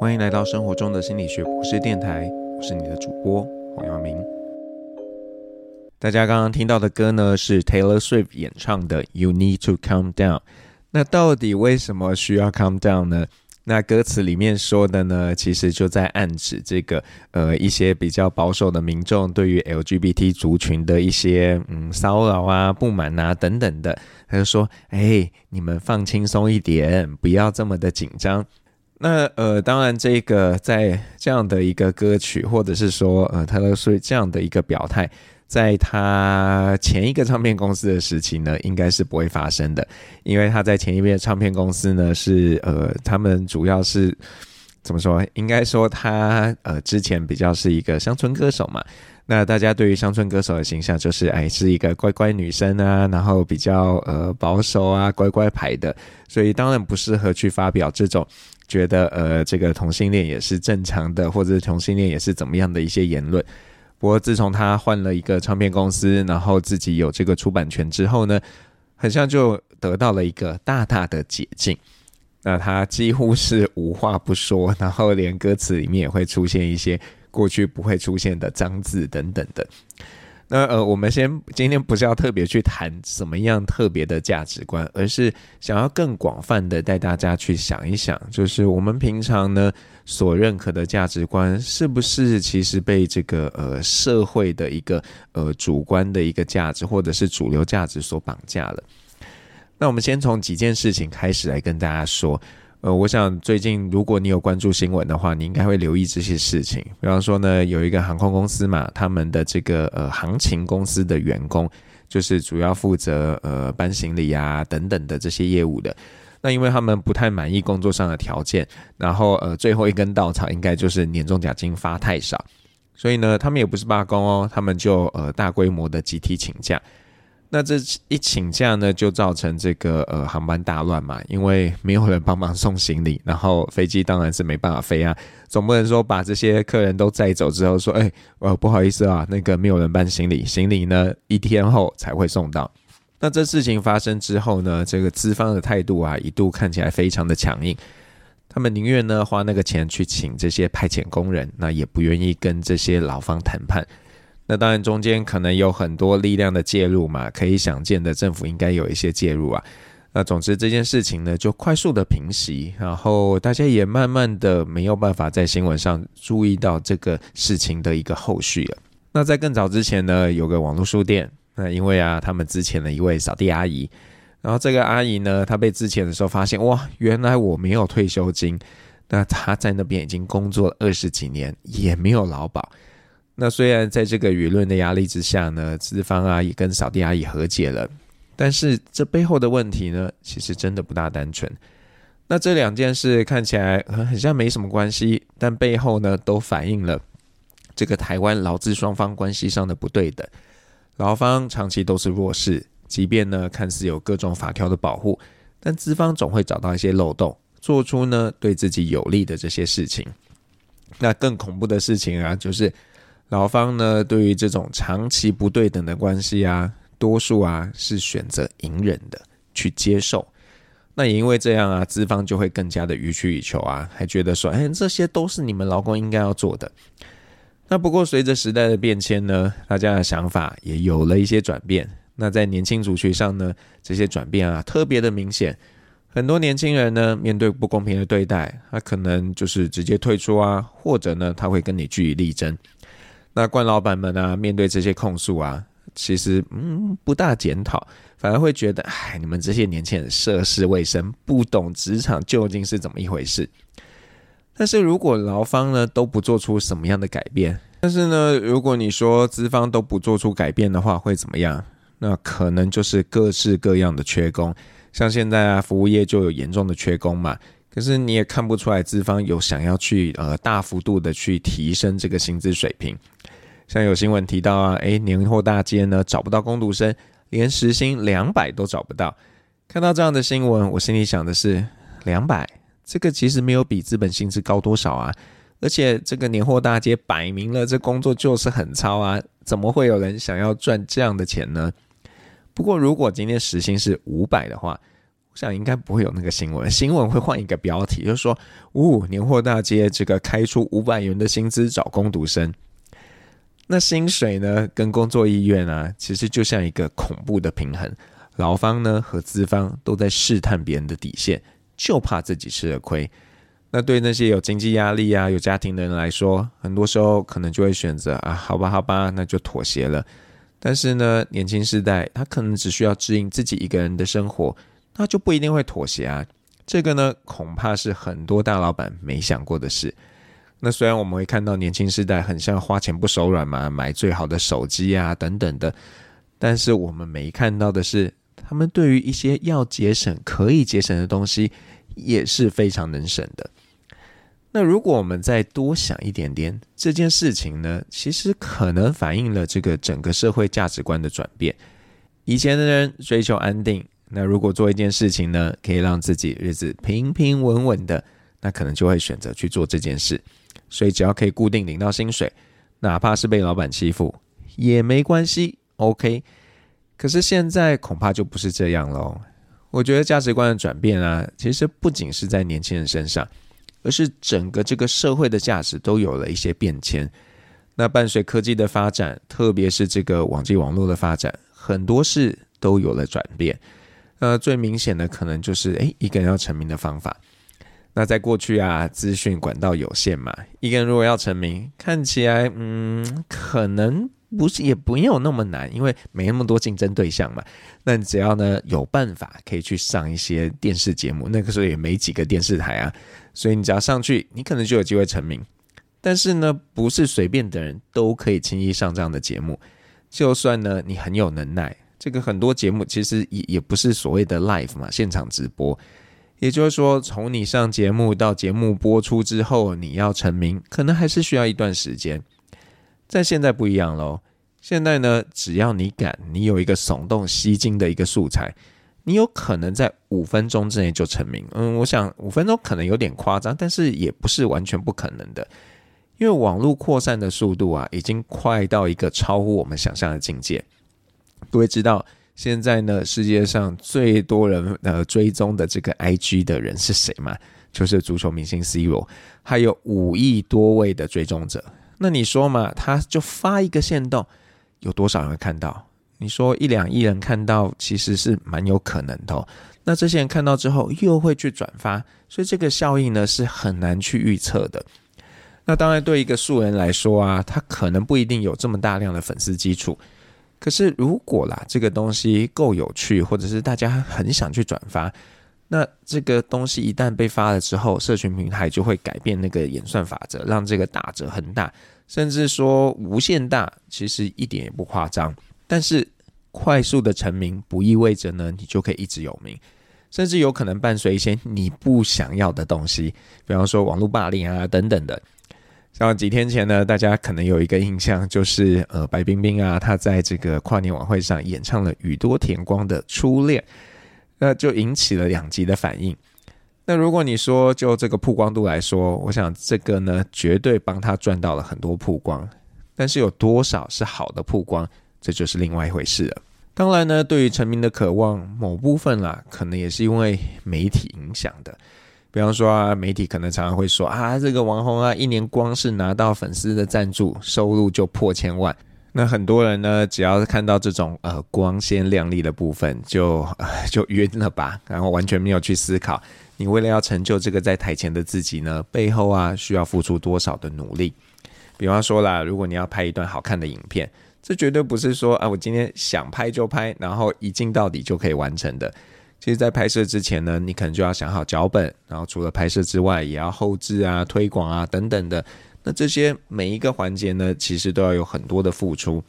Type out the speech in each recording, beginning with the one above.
歡迎來到生活中的心理學博士電台，我是你的主播黃耀明。大家剛剛聽到的歌呢，是 Taylor Swift 演唱的《You Need to Calm Down》。那到底為什麼需要 calm down 呢？那歌詞裡面說的呢，其實就在暗指這個呃一些比較保守的民眾對於 LGBT 族群的一些嗯騷擾啊、不滿啊等等的，他就說：“哎，你們放輕鬆一點，不要這麼的緊張。”那呃，當然，這個在這樣的一個歌曲，或者是說呃，他都是這樣的一個表態，在他前一個唱片公司的時期呢，應該是不會發生的，因為他在前一邊唱片公司呢，是呃，他們主要是。怎麼說？應該說他呃之前比較是一個鄉村歌手嘛，那大家對於鄉村歌手的形象就是哎是一個乖乖女生啊，然後比較呃保守啊乖乖牌的，所以當然不適合去發表這種覺得呃這個同性戀也是正常的，或者是同性戀也是怎麼樣的一些言論。不過自從他換了一個唱片公司，然後自己有這個出版權之後呢，很像就得到了一個大大的解禁。那他幾乎是無話不說，然後連歌詞裡面也會出現一些過去不會出現的髒字等等的。那呃，我們先今天不是要特別去談什麼樣特別的價值觀，而是想要更廣泛的帶大家去想一想，就是我們平常呢所認可的價值觀，是不是其實被這個呃社會的一個呃主觀的一個價值，或者是主流價值所綁架了？那我們先從幾件事情開始來跟大家說，呃，我想最近如果你有關注新聞的話，你應該會留意這些事情。比方說呢，有一個航空公司嘛，他們的這個呃，航勤公司的員工就是主要負責呃，搬行李啊等等的這些業務的。那因為他們不太滿意工作上的條件，然後呃，最後一根稻草應該就是年終獎金發太少，所以呢，他們也不是罷工哦，他們就呃大規模的集體請假。那這一請假呢，就造成這個呃航班大亂嘛，因為沒有人幫忙送行李，然後飛機當然是沒辦法飛啊，總不能說把這些客人都載走之後說，哎、欸，呃不好意思啊，那個沒有人搬行李，行李呢一天後才會送到。那這事情發生之後呢，這個資方的態度啊，一度看起來非常的強硬，他們寧願呢花那個錢去請這些派遣工人，那也不願意跟這些勞方談判。那當然，中間可能有很多力量的介入嘛，可以想見的，政府應該有一些介入啊。那總之這件事情呢，就快速的平息，然後大家也慢慢的沒有辦法在新聞上注意到這個事情的一個後續了。那在更早之前呢，有個網絡書店，那因為啊，他們之前的一位掃地阿姨，然後這個阿姨呢，她被之前的時候發現，哇，原來我沒有退休金，那她在那邊已經工作了二十幾年，也沒有勞保。那雖然在這個輿論的壓力之下呢，資方阿姨跟掃地阿姨和解了，但是這背後的問題呢，其實真的不大單純。那這兩件事看起來很像沒什麼關係，但背後呢都反映了這個台灣勞資雙方關係上的不對等。勞方長期都是弱勢，即便呢看似有各種法條的保護，但資方總會找到一些漏洞，做出呢對自己有利的這些事情。那更恐怖的事情啊，就是。老方呢，對於這種長期不對等的關係啊，多數啊是選擇隱忍的去接受。那也因為這樣啊，資方就會更加的予取予求啊，還覺得說，哎，這些都是你們勞工應該要做的。那不過隨着時代的變遷呢，大家的想法也有了一些轉變。那在年輕族群上呢，這些轉變啊特別的明顯。很多年輕人呢，面對不公平的對待，他可能就是直接退出啊，或者呢，他會跟你據理力爭。那官老闆們啊，面對這些控訴啊，其實嗯不大檢討，反而會覺得，哎，你們這些年輕人涉世未深，不懂職場究竟是怎麼一回事。但是如果勞方呢都不做出什麼樣的改變，但是呢，如果你說資方都不做出改變的話，會怎麼樣？那可能就是各式各樣的缺工，像現在啊服務業就有嚴重的缺工嘛。可是你也看不出來資方有想要去呃大幅度的去提升這個薪資水平，像有新聞提到啊，哎、欸，年貨大街呢找不到工讀生，連時薪兩百都找不到。看到這樣的新聞，我心裡想的是兩百，200，這個其實沒有比資本薪資高多少啊。而且這個年貨大街擺明了這工作就是很糙啊，怎麼會有人想要賺這樣的錢呢？不過如果今天時薪是五百的話。這樣應該不會有那個新聞。新聞會換一個標題，就是說：“哦，年貨大街這個開出五百元的薪資找工讀生。”那薪水呢，跟工作意願啊，其實就像一個恐怖的平衡。勞方呢和資方都在試探別人的底線，就怕自己吃了虧。那對那些有經濟壓力啊、有家庭的人來說，很多時候可能就會選擇啊，好吧，好吧，那就妥協了。但是呢，年輕世代他可能只需要適應自己一個人的生活。那就不一定會妥協啊！這個呢，恐怕是很多大老闆沒想過的事。那雖然我們會看到年輕世代很像花錢不手軟嘛，買最好的手機啊等等的，但是我們沒看到的是，他們對於一些要節省、可以節省的東西，也是非常能省的。那如果我們再多想一點點，這件事情呢，其實可能反映了這個整個社會價值觀的轉變。以前的人追求安定。那如果做一件事情呢，可以讓自己日子平平穩穩的，那可能就會選擇去做這件事。所以只要可以固定領到薪水，哪怕是被老板欺負也沒關係，OK。可是現在恐怕就不是這樣嘍。我覺得價值觀的轉變啊，其實不僅是在年輕人身上，而是整個這個社會的價值都有了一些變遷。那伴隨科技的發展，特別是這個網際網路的發展，很多事都有了轉變。呃，最明顯的可能就是，誒、欸，一個人要成名的方法。那在過去啊，資訊管道有限嘛，一個人如果要成名，看起來，嗯，可能不是，也沒有那麼難，因為沒那麼多競爭對象嘛。那你只要呢有辦法可以去上一些電視節目，那個時候也沒幾個電視台啊，所以你只要上去，你可能就有機會成名。但是呢，不是隨便的人都可以輕易上這樣的節目，就算呢你很有能耐。這個很多節目其實也也不是所謂的 live 嘛，現場直播。也就是說，從你上節目到節目播出之後，你要成名，可能還是需要一段時間。在現在不一樣嘍，現在呢，只要你敢，你有一個聳動吸睛的一個素材，你有可能在五分鐘之內就成名。嗯，我想五分鐘可能有點誇張，但是也不是完全不可能的，因為網絡擴散的速度啊，已經快到一個超乎我們想象的境界。不會知道，現在呢，世界上最多人呃追蹤的這個 IG 的人是誰嗎？就是足球明星 C 羅，還有五億多位的追蹤者。那你說嘛，他就發一個限動，有多少人會看到？你說一兩億人看到，其實是蠻有可能的哦。那這些人看到之後，又會去轉發，所以這個效應呢是很難去預測的。那當然，對一個素人來說啊，他可能不一定有這麼大量的粉絲基礎。可是，如果啦，這個東西夠有趣，或者是大家很想去轉發，那這個東西一旦被發了之後，社群平台就會改變那個演算法則，讓這個打折很大，甚至說無限大，其實一點也不誇張。但是，快速的成名不意味着呢，你就可以一直有名，甚至有可能伴隨一些你不想要的東西，比方說網路霸凌啊等等的。然後幾天前呢，大家可能有一個印象，就是呃，白冰冰啊，她在這個跨年晚會上演唱了宇多田光的《初戀》，那就引起了兩極的反應。那如果你說就這個曝光度來說，我想這個呢，絕對幫她賺到了很多曝光。但是有多少是好的曝光，這就是另外一回事了。當然呢，對於成名的渴望，某部分啦，可能也是因為媒體影響的。比方說啊，媒體可能常常會說啊，這個網紅啊，一年光是拿到粉絲的贊助收入就破千萬。那很多人呢，只要是看到這種呃光鮮亮麗的部分，就、呃、就暈了吧，然後完全沒有去思考，你為了要成就這個在台前的自己呢，背後啊需要付出多少的努力。比方說啦，如果你要拍一段好看的影片，這絕對不是說啊，我今天想拍就拍，然後一鏡到底就可以完成的。其實，在拍攝之前呢，你可能就要想好腳本，然後除了拍攝之外，也要後製啊、推廣啊等等的。那這些每一個環節呢，其實都要有很多的付出。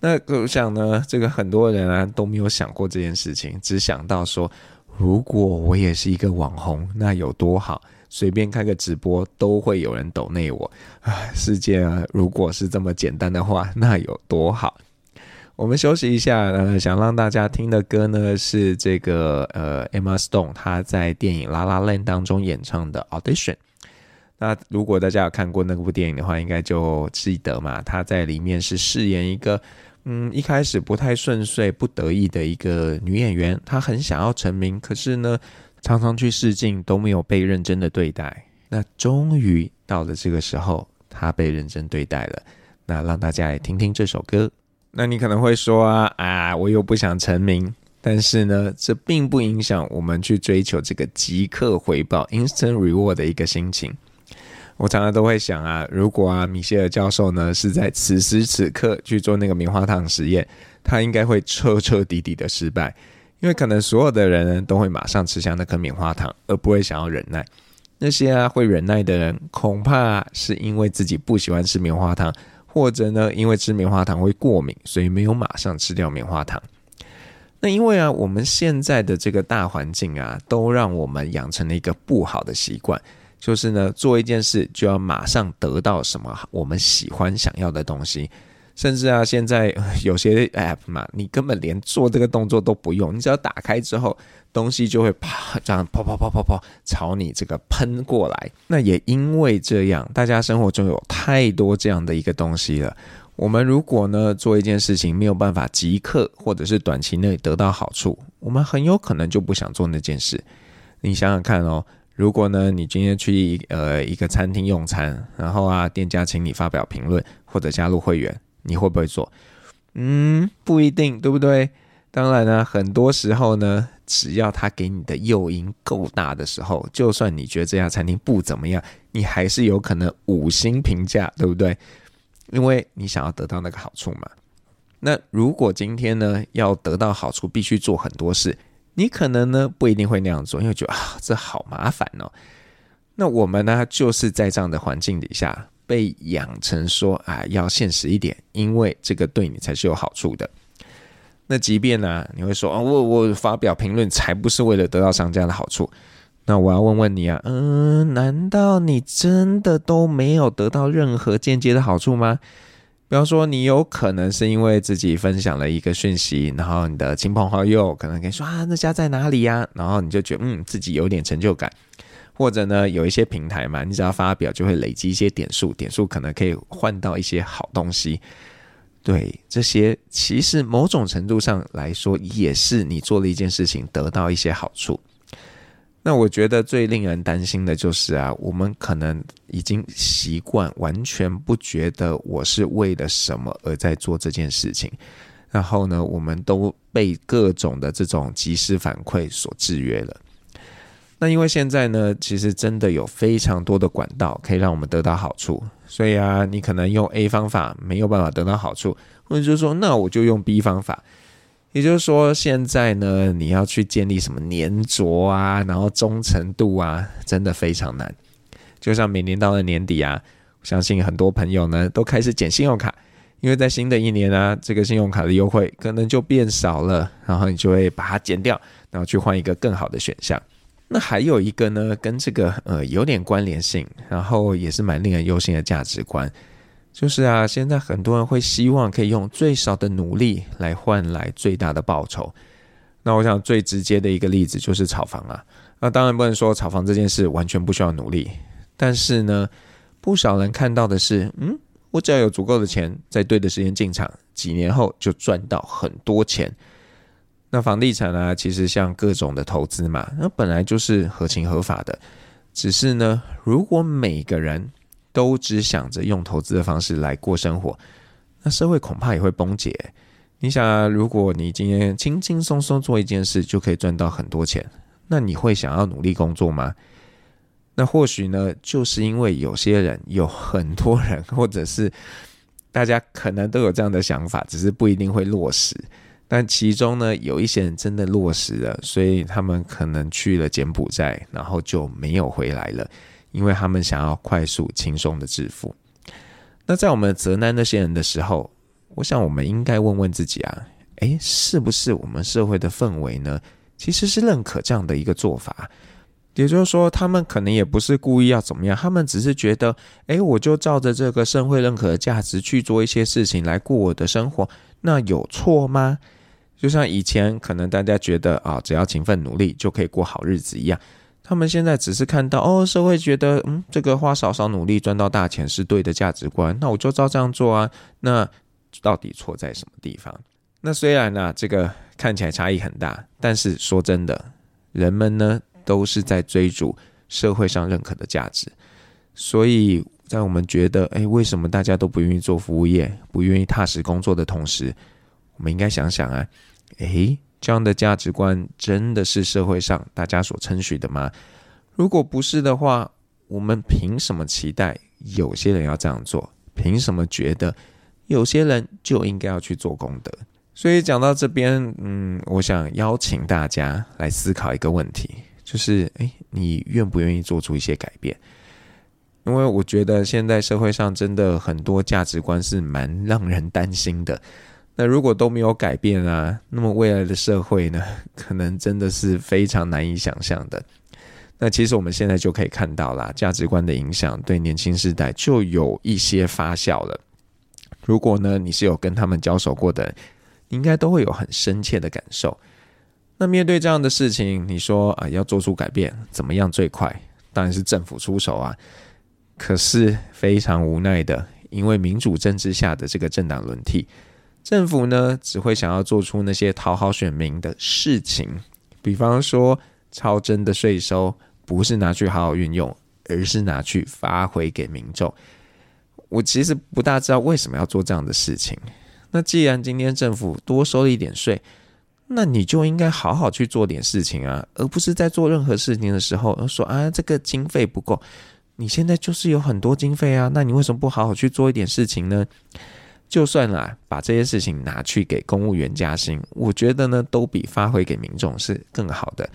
那我想呢，這個很多人啊都沒有想過這件事情，只想到說，如果我也是一個網紅，那有多好？隨便開個直播都會有人抖內我。啊，世界啊，如果是這麼簡單的話，那有多好？我們休息一下，呃、嗯，想讓大家聽的歌呢是這個，呃，Emma Stone，她在電影《La La Land》當中演唱的《Audition》。那如果大家有看過那部電影的話，應該就記得嘛。她在裡面是飾演一個，嗯，一開始不太順遂、不得意的一個女演員。她很想要成名，可是呢，常常去試鏡都沒有被認真的對待。那終於到了這個時候，她被認真對待了。那讓大家也聽聽這首歌。那你可能會說啊啊，我又不想成名，但是呢，這並不影響我們去追求這個即刻回報 （instant reward） 的一個心情。我常常都會想啊，如果啊米歇爾教授呢是在此時此刻去做那個棉花糖實驗，他應該會徹徹底底的失敗，因為可能所有的人都會馬上吃下那顆棉花糖，而不會想要忍耐。那些啊會忍耐的人，恐怕是因為自己不喜歡吃棉花糖，或者呢，因為吃棉花糖會過敏，所以沒有馬上吃掉棉花糖。那因為啊，我們現在的這個大環境啊，都讓我們養成了一個不好的習慣，就是呢，做一件事就要馬上得到什麼我們喜歡想要的東西。甚至啊，現在有些 app 嘛，你根本連做這個動作都不用，你只要打開之後，東西就會啪這樣啪啪啪啪啪朝你這個噴過來。那也因為這樣，大家生活中有太多這樣的一個東西了。我們如果呢做一件事情沒有辦法即刻或者是短期內得到好處，我們很有可能就不想做那件事。你想想看哦，如果呢你今天去呃一個餐廳用餐，然後啊店家請你發表評論或者加入會員。你會不會做？嗯，不一定，對不對？當然呢，啊，很多時候呢，只要他給你的誘因夠大的時候，就算你覺得這家餐廳不怎麼樣，你還是有可能五星評價，對不對？因為你想要得到那個好處嘛。那如果今天呢要得到好處，必須做很多事，你可能呢不一定會那樣做，因為覺得啊這好麻煩哦。那我們呢就是在這樣的環境底下。被養成說啊，要現實一點，因為這個對你才是有好處的。那即便呢，你會說啊，我我發表評論才不是為了得到商家的好處。那我要問問你啊，嗯，難道你真的都沒有得到任何間接的好處嗎？比方說，你有可能是因為自己分享了一個訊息，然後你的親朋好友可能跟你說啊，那家在哪裡呀？然後你就覺得嗯，自己有點成就感。或者呢，有一些平台嘛，你只要發表就會累積一些點數，點數可能可以換到一些好東西。對，這些其實某種程度上來說，也是你做了一件事情得到一些好處。那我覺得最令人擔心的就是啊，我們可能已經習慣完全不覺得我是為了什麼而在做這件事情，然後呢，我們都被各種的這種即時反饋所制約了。那因為現在呢，其實真的有非常多的管道可以讓我們得到好處，所以啊，你可能用 A 方法沒有辦法得到好處，或者就是說那我就用 B 方法。也就是說，現在呢，你要去建立什麼粘着啊，然後忠誠度啊，真的非常難。就像每年到了年底啊，我相信很多朋友呢都開始剪信用卡，因為在新的一年啊，這個信用卡的優惠可能就變少了，然後你就會把它剪掉，然後去換一個更好的選項。那還有一個呢，跟這個呃有點關聯性，然後也是蠻令人憂心的價值觀，就是啊，現在很多人會希望可以用最少的努力來換來最大的報酬。那我想最直接的一個例子就是炒房了啊。那當然不能說炒房這件事完全不需要努力，但是呢，不少人看到的是，嗯，我只要有足夠的錢，在對的時間進場，幾年後就賺到很多錢。那房地產啊，其實像各種的投資嘛，那本來就是合情合法的。只是呢，如果每個人都只想着用投資的方式來過生活，那社會恐怕也會崩解欸。你想啊，如果你今天輕輕鬆鬆做一件事就可以賺到很多錢，那你會想要努力工作嗎？那或許呢，就是因為有些人，有很多人，或者是大家可能都有這樣的想法，只是不一定會落實。但其中呢，有一些人真的落實了，所以他們可能去了柬埔寨，然後就沒有回來了，因為他們想要快速、輕鬆的致富。那在我們責難那些人的時候，我想我們應該問問自己啊，誒，是不是我們社會的氛圍呢，其實是認可這樣的一個做法？也就是說，他們可能也不是故意要怎麼樣，他們只是覺得，誒，我就照着這個社會認可的價值去做一些事情來過我的生活，那有錯嗎？就像以前可能大家覺得啊，只要勤奮努力就可以過好日子一樣，他們現在只是看到哦，社會覺得嗯，這個花少少努力賺到大錢是對的價值觀，那我就照這樣做啊。那到底錯在什麼地方？那雖然呢、啊，這個看起來差異很大，但是說真的，人們呢都是在追逐社會上認可的價值。所以在我們覺得哎、欸，為什麼大家都不願意做服務業，不願意踏實工作的同時，我們應該想想啊。誒，這樣的價值觀真的是社會上大家所稱許的嗎？如果不是的話，我們憑什麼期待有些人要這樣做？憑什麼覺得有些人就應該要去做功德？所以講到這邊，嗯，我想邀請大家來思考一個問題，就是誒，你願不願意做出一些改變？因為我覺得現在社會上真的很多價值觀是蠻讓人擔心的。那如果都沒有改變啊，那麼未來的社會呢，可能真的是非常難以想象的。那其實我們現在就可以看到啦，價值觀的影響對年輕世代就有一些發酵了。如果呢，你是有跟他們交手過的，應該都會有很深切的感受。那面對這樣的事情，你說啊，要做出改變，怎麼樣最快？當然是政府出手啊。可是非常無奈的，因為民主政治下的這個政黨輪替。政府呢，只會想要做出那些討好選民的事情，比方說超徵的稅收不是拿去好好運用，而是拿去發還給民眾。我其實不大知道為什麼要做這樣的事情。那既然今天政府多收了一點稅，那你就應該好好去做點事情啊，而不是在做任何事情的時候說啊，這個經費不夠。你現在就是有很多經費啊，那你為什麼不好好去做一點事情呢？就算啦，把這些事情拿去給公務員加薪，我覺得呢，都比發還給民眾是更好的，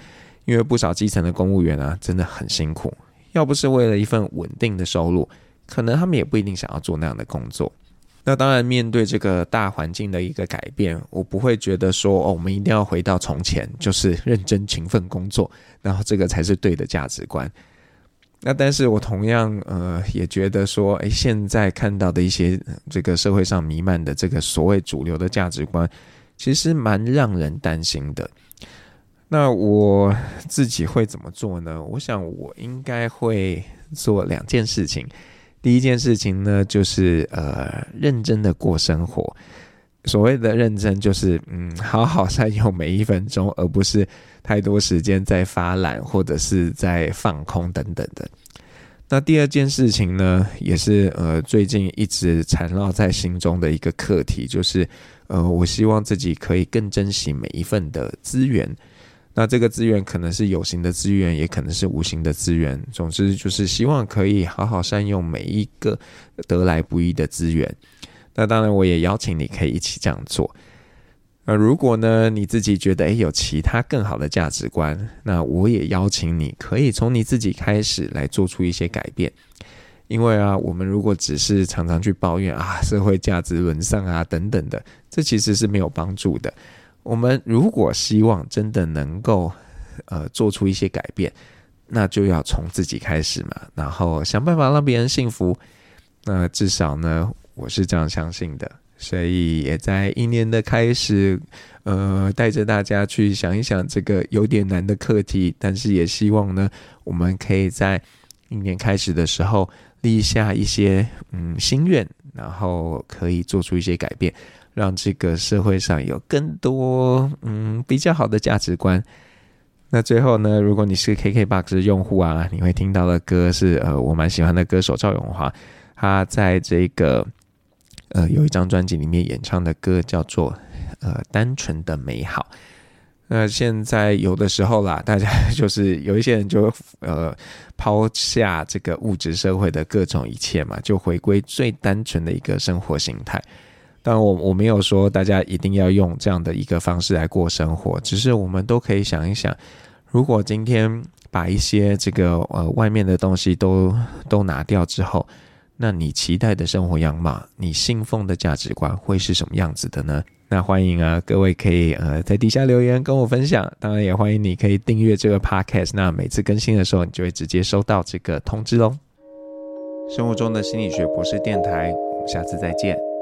因為不少基層的公務員啊，真的很辛苦，要不是為了一份穩定的收入，可能他們也不一定想要做那樣的工作。那當然，面對這個大環境的一個改變，我不會覺得說，哦，我們一定要回到從前，就是認真勤奮工作，然後這個才是對的價值觀。那但是，我同樣，呃，也覺得說，欸，現在看到的一些這個社會上瀰漫的這個所謂主流的價值觀，其實蠻讓人擔心的。那我自己會怎麼做呢？我想，我應該會做兩件事情。第一件事情呢，就是呃，認真的過生活。所謂的認真，就是嗯，好好善用每一分鐘，而不是太多時間在發懶或者是在放空等等的。那第二件事情呢，也是呃最近一直纏繞在心中的一個課題，就是呃，我希望自己可以更珍惜每一份的資源。那這個資源可能是有形的資源，也可能是無形的資源。總之就是希望可以好好善用每一個得來不易的資源。那當然，我也邀請你可以一起這樣做。呃，如果呢，你自己覺得誒、欸、有其他更好的價值觀，那我也邀請你可以從你自己開始來做出一些改變。因為啊，我們如果只是常常去抱怨啊，社會價值淪喪啊等等的，這其實是沒有幫助的。我們如果希望真的能夠呃做出一些改變，那就要從自己開始嘛，然後想辦法讓別人信服。那至少呢。我是這樣相信的，所以也在一年的開始，呃，帶着大家去想一想這個有點難的課題，但是也希望呢，我們可以在一年開始的時候立下一些嗯心願，然後可以做出一些改變，讓這個社會上有更多嗯比較好的價值觀。那最後呢，如果你是 KKBOX 的用戶啊，你會聽到的歌是呃我蠻喜歡的歌手趙詠華，他在這個。呃，有一張專輯裡面演唱的歌叫做《呃單純的美好》。那現在有的時候啦，大家就是有一些人就呃拋下這個物質社會的各種一切嘛，就回歸最單純的一個生活形態。但我我沒有說大家一定要用這樣的一個方式來過生活，只是我們都可以想一想，如果今天把一些這個呃外面的東西都都拿掉之後。那你期待的生活樣貌，你信奉的價值觀會是什麼樣子的呢？那歡迎啊，各位可以呃在底下留言跟我分享。當然也歡迎你可以訂閱這個 podcast，那每次更新的時候你就會直接收到這個通知嘍。生活中的心理學博士電台，我們下次再見。